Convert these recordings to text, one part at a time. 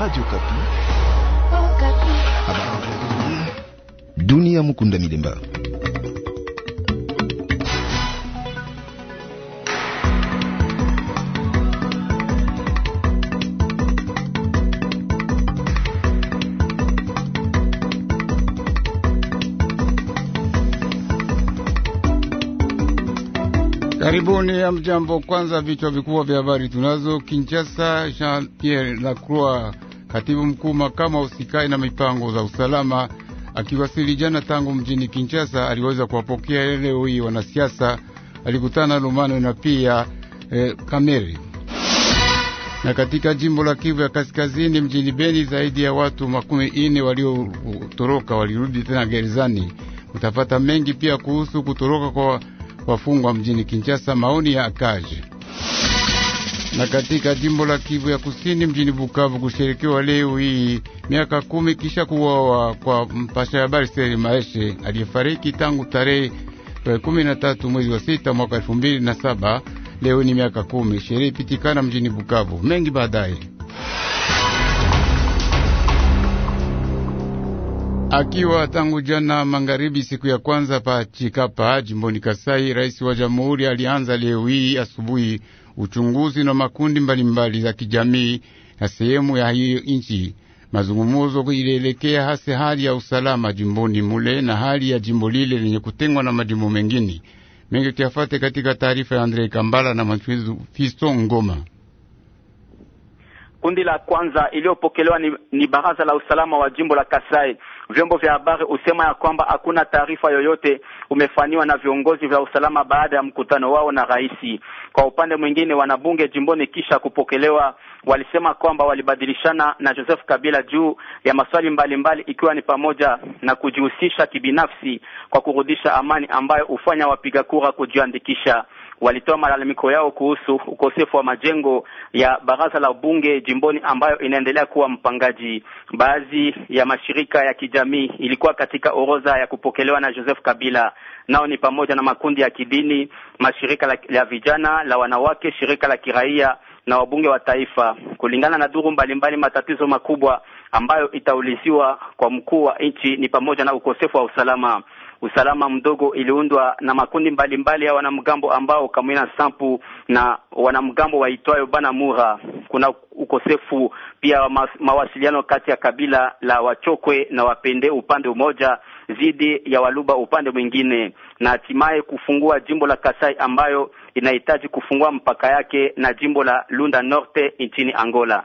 Radio Kapi. Oh, Kapi. Dunia Mukunda Milemba. Karibuni ya mjambo. Kwanza vichwa vikubwa vya habari tunazo. Kinshasa, Jean Pierre Lacroix katibu mkuu makamu wa usikai na mipango za usalama, akiwasili jana tangu mjini Kinshasa, aliweza kuwapokea leo hii wanasiasa alikutana Lumano na pia eh, Kameri. Na katika jimbo la Kivu ya Kaskazini, mjini Beni, zaidi ya watu makumi ine waliotoroka walirudi tena gerezani. Mutapata mengi pia kuhusu kutoroka kwa wafungwa mjini Kinshasa, maoni ya Akaje na katika jimbo la Kivu ya Kusini mjini Bukavu kusherekewa leo hii miaka kumi kisha kuwawa kwa mpasha habari Seri Maeshe aliyefariki tangu tarehe 13 eh, mwezi wa sita mwaka saba. Leo ni miaka kumi. Sherehe ipitikana mjini Bukavu mengi baadaye. Akiwa tangu jana magharibi siku ya kwanza pa Chikapa jimboni Kasai, rais wa jamhuri alianza leo hii asubuhi uchunguzi na makundi mbalimbali mbali za kijamii na sehemu ya hiyo nchi. Mazungumuzo ilielekea hasi hali ya usalama jimboni mule na hali ya jimbo lile lenye kutengwa na majimbo mengine mengi. Tuyafate katika taarifa ya Andre Kambala na mwanchuizu Fisto Ngoma. Kundi la kwanza iliyopokelewa ni, ni baraza la usalama wa jimbo la Kasai vyombo vya habari husema ya kwamba hakuna taarifa yoyote umefanywa na viongozi vya usalama baada ya mkutano wao na rais. Kwa upande mwingine, wanabunge jimboni kisha kupokelewa walisema kwamba walibadilishana na Joseph Kabila juu ya maswali mbalimbali mbali, ikiwa ni pamoja na kujihusisha kibinafsi kwa kurudisha amani ambayo hufanya wapiga kura kujiandikisha walitoa malalamiko yao kuhusu ukosefu wa majengo ya baraza la bunge jimboni ambayo inaendelea kuwa mpangaji. Baadhi ya mashirika ya kijamii ilikuwa katika orodha ya kupokelewa na Joseph Kabila, nao ni pamoja na makundi ya kidini, mashirika la, la vijana, la wanawake, shirika la kiraia na wabunge wa taifa. Kulingana na duru mbalimbali, matatizo makubwa ambayo itauliziwa kwa mkuu wa nchi ni pamoja na ukosefu wa usalama usalama mdogo iliundwa na makundi mbalimbali mbali ya wanamgambo ambao Kamwina Sampu na wanamgambo waitwayo Muha. Kuna ukosefu pia wa mawasiliano kati ya kabila la Wachokwe na Wapende upande mmoja dhidi ya Waluba upande mwingine, na hatimaye kufungua jimbo la Kasai ambayo inahitaji kufungua mpaka yake na jimbo la Lunda Norte nchini Angola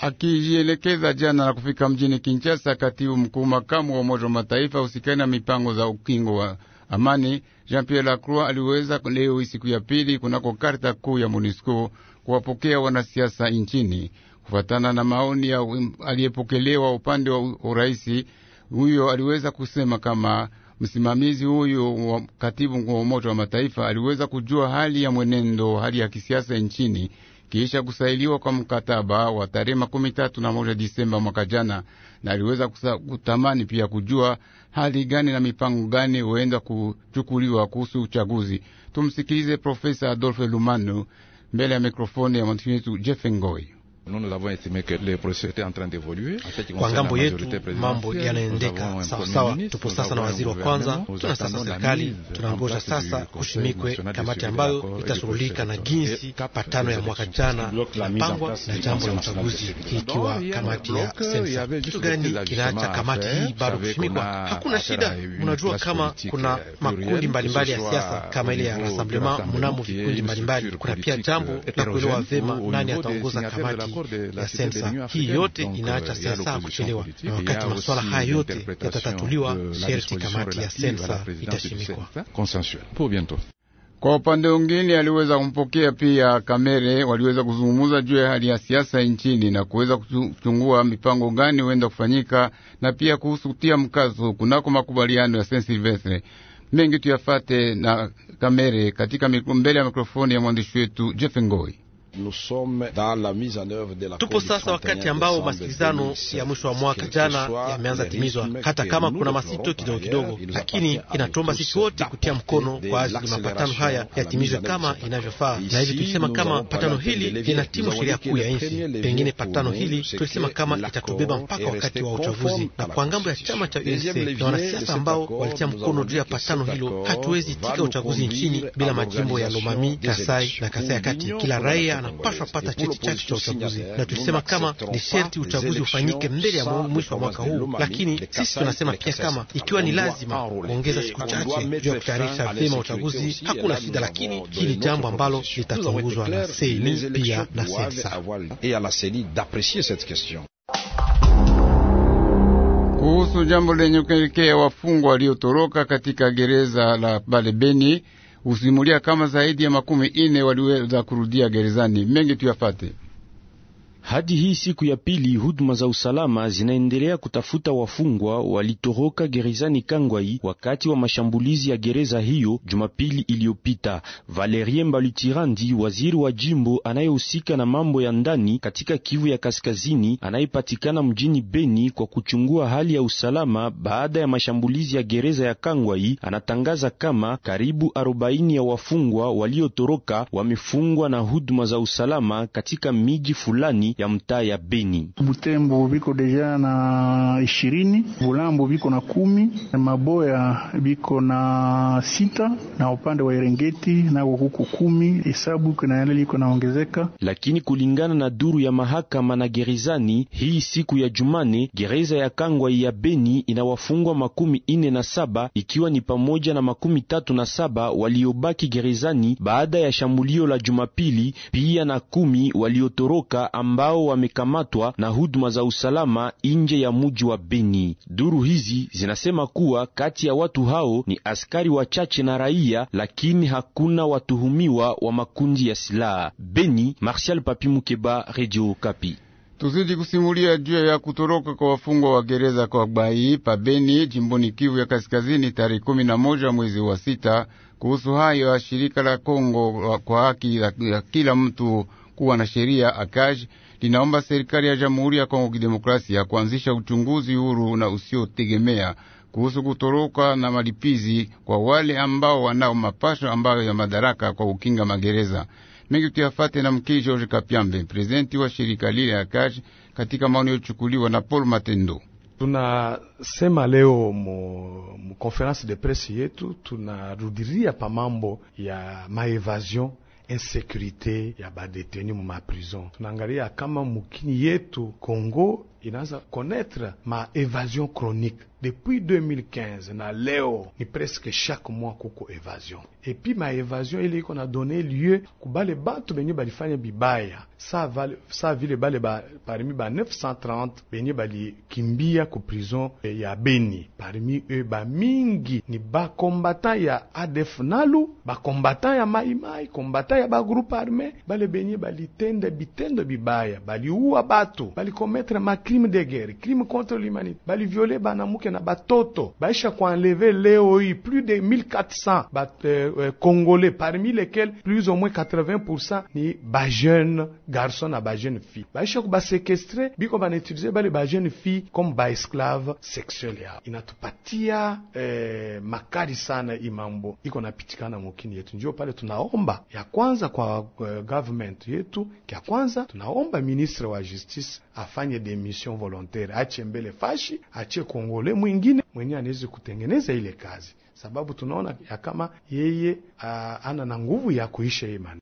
akijielekeza jana na kufika mjini Kinshasa, katibu mkuu makamu wa Umoja wa Mataifa usikani na mipango za ukingo wa amani Jean Pierre Lacroix aliweza leo siku ya pili kunako karta kuu ya MONUSCO kuwapokea wanasiasa nchini kufatana na maoni ya aliyepokelewa upande wa uraisi huyo. Aliweza kusema kama msimamizi huyo wa katibu wa Umoja wa Mataifa aliweza kujua hali ya mwenendo, hali ya kisiasa nchini kisha kusailiwa kwa mkataba wa tarehe makumi tatu na moja Disemba mwaka jana, na aliweza kutamani pia kujua hali gani na mipango gani huenda kuchukuliwa kuhusu uchaguzi. Tumsikilize Profesa adolfe Lumanu mbele ya mikrofoni ya mwandishi wetu Jeff Ngoi. Kwa ngambo yetu mambo yanaendeka sawasawa. Tupo sasa na waziri wa kwanza, tuna sasa serikali, tunangoja sasa kushimikwe kamati ambayo itashughulika na ginsi patano ya mwaka jana inapangwa na jambo la uchaguzi, ikiwa kamati ya sensa. Kitu gani kinaacha kamati hii bado kushimikwa? Hakuna shida, unajua kama kuna makundi mbalimbali ya siasa kama ile ya Rassemblement mnamo vikundi mbalimbali. Kuna pia jambo la kuelewa vema nani ataongoza kamati sensa. Hii yote inaacha sensa kuchelewa, na wakati masuala haya yote yatatatuliwa, sherti kamati ya sensa itashimikwa. Kwa upande mwingine, aliweza kumpokea pia Kamere, waliweza kuzungumuza juu ya hali ya siasa nchini na kuweza kuchungua mipango gani huenda kufanyika na pia kuhusu kutia mkazo kunako makubaliano ya Saint Silvestre. Mengi tuyafate na Kamere katika mbele ya mikrofoni ya mwandishi wetu Jeff Ngoi. Tupo sasa wakati ambao masikilizano ya mwisho wa mwaka jana yameanza timizwa, hata kama kuna masito kidogo kidogo, lakini inatuomba sisi wote kutia mkono kwa ajili mapatano haya yatimizwe kama inavyofaa. Na hivi tulisema kama patano hili linatimu sheria kuu ya nchi. Pengine patano hili tulisema kama itatubeba mpaka wakati wa uchaguzi, na kwa ngambo ya chama cha UNC na wanasiasa ambao walitia mkono juu ya patano hilo, hatuwezi tika uchaguzi nchini bila majimbo ya Lomami, Kasai na Kasai ya kati. Kila raia anapaswa pata cheti chake cha uchaguzi, na tulisema kama ni sherti uchaguzi ufanyike mbele ya mwisho wa mwaka huu, lakini sisi tunasema pia kama ikiwa ni lazima kuongeza siku chache juu ya kutayarisha vyema uchaguzi, hakuna shida, lakini ni jambo ambalo litachunguzwa na seni pia na sensa kuhusu jambo lenye kuelekea wafungwa waliotoroka katika gereza la Balebeni usimulia kama zaidi ya makumi ine waliweza kurudia gerezani. Mengi tuyafate. Hadi hii siku ya pili, huduma za usalama zinaendelea kutafuta wafungwa walitoroka gerezani Kangwai wakati wa mashambulizi ya gereza hiyo Jumapili iliyopita. Valerie Mbalutirandi, waziri wa jimbo anayehusika na mambo ya ndani katika Kivu ya Kaskazini, anayepatikana mjini Beni kwa kuchungua hali ya usalama baada ya mashambulizi ya gereza ya Kangwai, anatangaza kama karibu arobaini ya wafungwa waliotoroka wamefungwa na huduma za usalama katika miji fulani ya mtaa ya Beni. Butembo biko deja na ishirini, Bulambo biko na kumi, Maboya biko na sita, na upande wa Erengeti nako kuko kumi. Hesabu kunayale liko naongezeka, lakini kulingana na duru ya mahakama na gerezani, hii siku ya Jumane gereza ya Kangwa ya Beni inawafungwa makumi ine na saba ikiwa ni pamoja na makumi tatu na saba waliobaki gerezani baada ya shambulio la Jumapili, pia na kumi waliotoroka amba ambao wamekamatwa na huduma za usalama nje ya muji wa Beni. Duru hizi zinasema kuwa kati ya watu hao ni askari wachache na raia, lakini hakuna watuhumiwa wa makundi ya silaha. Beni, Martial Papi Mukeba, Radio Kapi. Tuzidi kusimulia juu ya kutoroka kwa wafungwa wa gereza kwa pa Beni, jimboni Kivu ya Kaskazini tarehe kumi na moja mwezi wa sita. Kuhusu hayo ya shirika la Kongo kwa haki ya kila mtu kuwa na sheria akaj linaomba serikali ya Jamhuri ya Kongo Kidemokrasia kuanzisha uchunguzi huru na usiotegemea kuhusu kutoroka na malipizi kwa wale ambao wanao mapasho ambayo ya madaraka kwa kukinga magereza mengi. Tuyafate na mkili George Kapyambe, prezidenti wa shirika lile ya kaji, katika maoni yochukuliwa na Paul Matendo. Tunasema leo mu conference de presse yetu tunarudiria pa mambo ya maevasion insecurity ya badeteni mu maprison. Tunaangalia kama mukini yetu Kongo inaanza kukonetre ma evasion chronique Depuis 2015, na leo ni presque chaque mois kuko Et epi ma evasion est iko na donné lieu bale bato benye balifanya bibaya sa, vale, sa vile bale ba, parmi ba 930 benye balikimbia ku prison eh, ya Beni, parmi e ba mingi ni ba ya ADF Nalu, ba kombatan ya Maimai, kombatan ya ba groupe arme bale benye balitenda bitendo bibaya, baliua bato balikometre ma crime de guerre, crime contre l'humanité, balivioler banamuke na batoto baisha kuenleve leo hii plus de 1400 ba, euh, euh, Congolais parmi lesquels plus ou moins 80% ni ba jeune garçon na ba jeune fille baisha kubasekestre biko banetilize bale ba jeune fille comme ba esclave sexuel ya Inatupatia eh, makali sana imambo iko pitikana mukini yetu, njoo pale tunaomba ya kwanza kwa uh, government yetu, ya kwanza tunaomba ministre wa justice afanye des missions volontaires, ache mbele fashi, ache Congolais mwingine mwenye anawezi kutengeneza ile kazi, sababu tunaona ya kama yeye ana na nguvu ya kuisha imani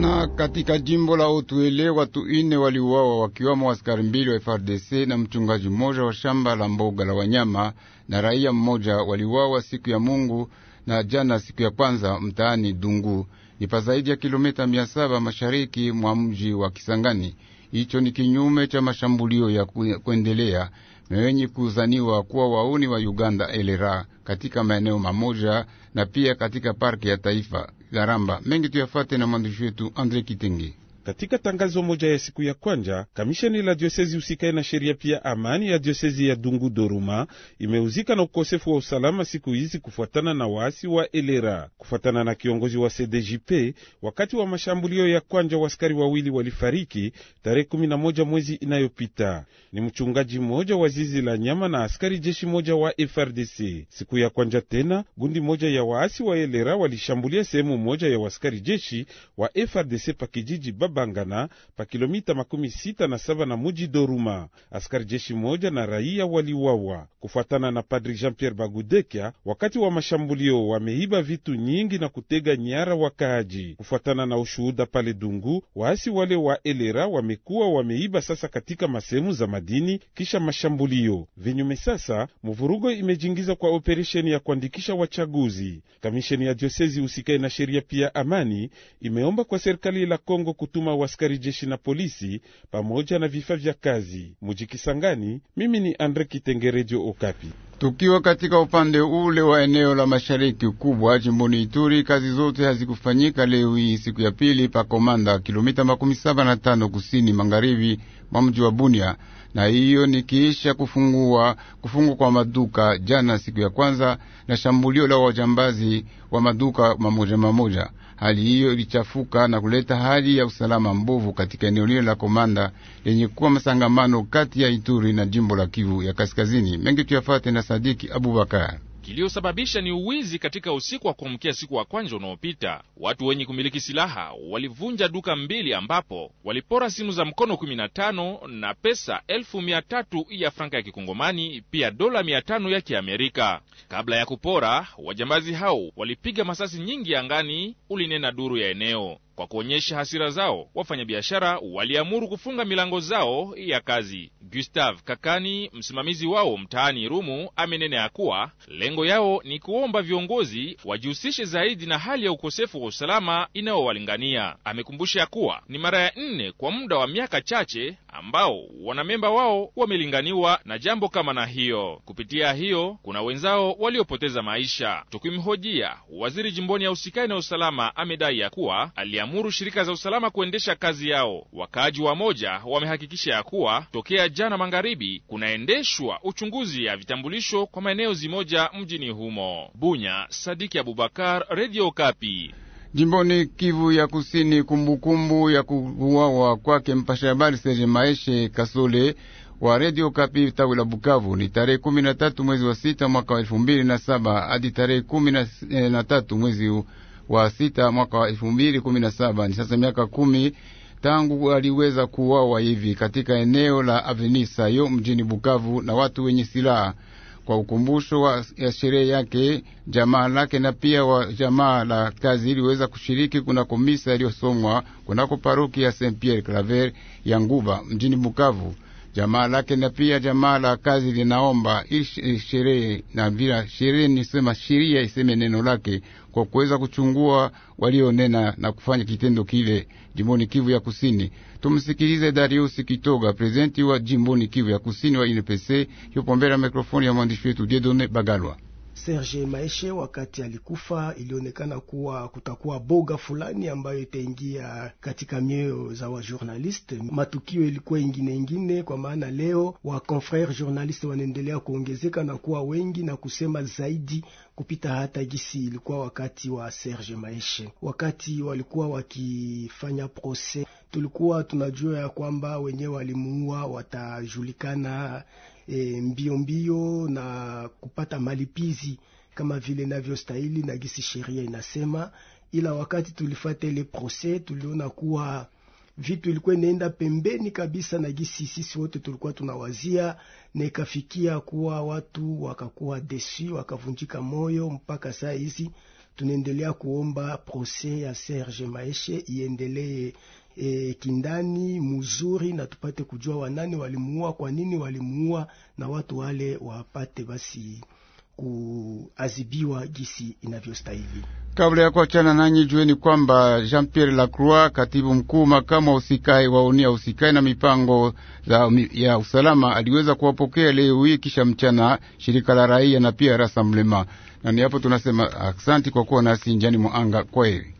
na katika jimbo la Otuele watu ine waliuawa wakiwamo askari mbili wa FRDC na mchungaji mmoja wa shamba la mboga la wanyama na raia mmoja waliuawa siku ya Mungu na jana siku ya kwanza mtaani Dungu, ni pa zaidi ya kilomita mia saba mashariki mwa mji wa Kisangani. Hicho ni kinyume cha mashambulio ya kuendelea na wenye kuzaniwa kuwa wauni wa Uganda elera katika maeneo mamoja na pia katika parki ya taifa Garamba. Mengi tuyafate na mwandishi wetu Andre Kitenge. Katika tangazo moja ya siku ya kwanja kamisheni la diosezi husikae na sheria pia amani ya diosezi ya Dungu Doruma imeuzika na ukosefu wa usalama siku hizi kufuatana na waasi wa Elera. Kufuatana na kiongozi wa CDJP, wakati wa mashambulio ya kwanja waskari wawili walifariki tarehe 11 mwezi inayopita. Ni mchungaji mmoja wa zizi la nyama na askari jeshi moja wa FRDC. Siku ya kwanja tena, gundi moja ya waasi wa Elera walishambulia sehemu moja ya waskari jeshi wa FRDC pa kijiji Baba Bangana pakilomita makumi sita na saba na muji Doruma. Askari jeshi moja na raia waliwawa, kufuatana na Padri Jean Pierre Bagudekya. Wakati wa mashambulio wameiba vitu nyingi na kutega nyara wakaaji. Kufuatana na ushuhuda pale Dungu, waasi wale wa Elera wamekuwa wameiba sasa katika masehemu za madini kisha mashambulio vinyume. Sasa mvurugo imejingiza kwa operesheni ya kuandikisha wachaguzi. Kamisheni ya diosezi usikae na sheria pia amani imeomba kwa serikali la Kongo kutuma umma waskari jeshi na polisi pamoja na vifaa vya kazi mujikisangani. Mimi ni Andre Kitengerejo Okapi. Tukiwa katika upande ule wa eneo la mashariki kubwa jimboni Ituri, kazi zote hazikufanyika leo hii siku ya pili pa Komanda, kilomita makumi saba na tano kusini magharibi mwa mji wa Bunia, na hiyo ni kiisha kufungua kufungwa kwa maduka jana siku ya kwanza na shambulio la wajambazi wa maduka mamoja mamoja. Hali hiyo ilichafuka na kuleta hali ya usalama mbovu katika eneo lile la Komanda lenye kuwa masangamano kati ya Ituri na jimbo la Kivu ya Kaskazini. Mengi tuyafate na Sadiki Abubakar kiliyosababisha ni uwizi katika usiku wa kuamkia siku wa kwanza unaopita. Watu wenye kumiliki silaha walivunja duka mbili ambapo walipora simu za mkono 15 na pesa elfu mia tatu ya franka ya kikongomani pia dola mia tano ya Kiamerika. Kabla ya kupora, wajambazi hao walipiga masasi nyingi angani, ulinena duru ya eneo. Kwa kuonyesha hasira zao, wafanyabiashara waliamuru kufunga milango zao ya kazi. Gustave Kakani, msimamizi wao mtaani Irumu, amenene ya kuwa lengo yao ni kuomba viongozi wajihusishe zaidi na hali ya ukosefu wa usalama inayowalingania. Amekumbusha ya kuwa ni mara ya nne kwa muda wa miaka chache ambao wanamemba wao wamelinganiwa na jambo kama na hiyo. Kupitia hiyo, kuna wenzao waliopoteza maisha. Tukimhojia waziri jimboni ya usikai na usalama, amedai ya kuwa aliamuru shirika za usalama kuendesha kazi yao. Wakaaji wa moja wamehakikisha ya kuwa tokea jana magharibi kunaendeshwa uchunguzi ya vitambulisho kwa maeneo zimoja mjini humo. Bunya, Sadiki Abubakar, Radio Kapi. Jimboni Kivu ya Kusini, kumbukumbu ya kuuawa kwake mpasha habari Serge Maeshe Kasole wa Radio Kapi tawi la Bukavu ni tarehe kumi na tatu mwezi wa sita mwaka wa elfu mbili na saba hadi tarehe kumi na eh, tatu mwezi wa sita mwaka wa elfu mbili kumi na saba Ni sasa miaka kumi tangu aliweza kuuawa hivi katika eneo la avenisa yo mjini Bukavu na watu wenye silaha kwa ukumbusho wa ya sherehe yake jamaa lake na pia wa jamaa la kazi iliweza kushiriki kuna komisa iliyosomwa kunako paroki ya Saint Pierre Claver ya Nguba mjini Bukavu jamaa lake na pia jamaa la kazi linaomba ili eh, sherehe na vila sherehe, nisema sheria iseme neno lake kwa kuweza kuchungua walionena na kufanya kitendo kile jimboni Kivu ya Kusini. Tumsikilize Darius Kitoga, prezidenti wa jimboni Kivu ya Kusini wa UNPC, yupo mbele ya mikrofoni ya mwandishi wetu dedone Bagalwa. Serge Maeshe wakati alikufa, ilionekana kuwa kutakuwa boga fulani ambayo itaingia katika mioyo za wajournaliste. Matukio ilikuwa ingine ingine, kwa maana leo wa confrere journaliste wanaendelea kuongezeka na kuwa wengi na kusema zaidi kupita hata gisi ilikuwa wakati wa Serge Maeshe. Wakati walikuwa wakifanya proses, tulikuwa tunajua ya kwamba wenyewe walimuua watajulikana e, mbio mbio na kupata malipizi kama vile inavyostahili na gisi sheria inasema. Ila wakati tulifata ile proses, tuliona kuwa vitu ilikuwa inaenda pembeni kabisa na gisi sisi wote tulikuwa tunawazia, na ikafikia kuwa watu wakakuwa desi, wakavunjika moyo. Mpaka saa hizi tunaendelea kuomba proses ya Serge Maeshe iendelee e, kindani mzuri na tupate kujua wanani walimuua, kwa nini walimuua, na watu wale wapate basi kuazibiwa gisi inavyostahili. Kabla ya kuachana nanyi, jueni kwamba Jean Pierre Lacroix, katibu mkuu makamu wa usikai wa unia usikai na mipango za, ya usalama, aliweza kuwapokea leo hii kisha mchana shirika la raia na pia Rasamblema, na ni hapo tunasema asanti kwa kuwa nasi njani mwanga kweli.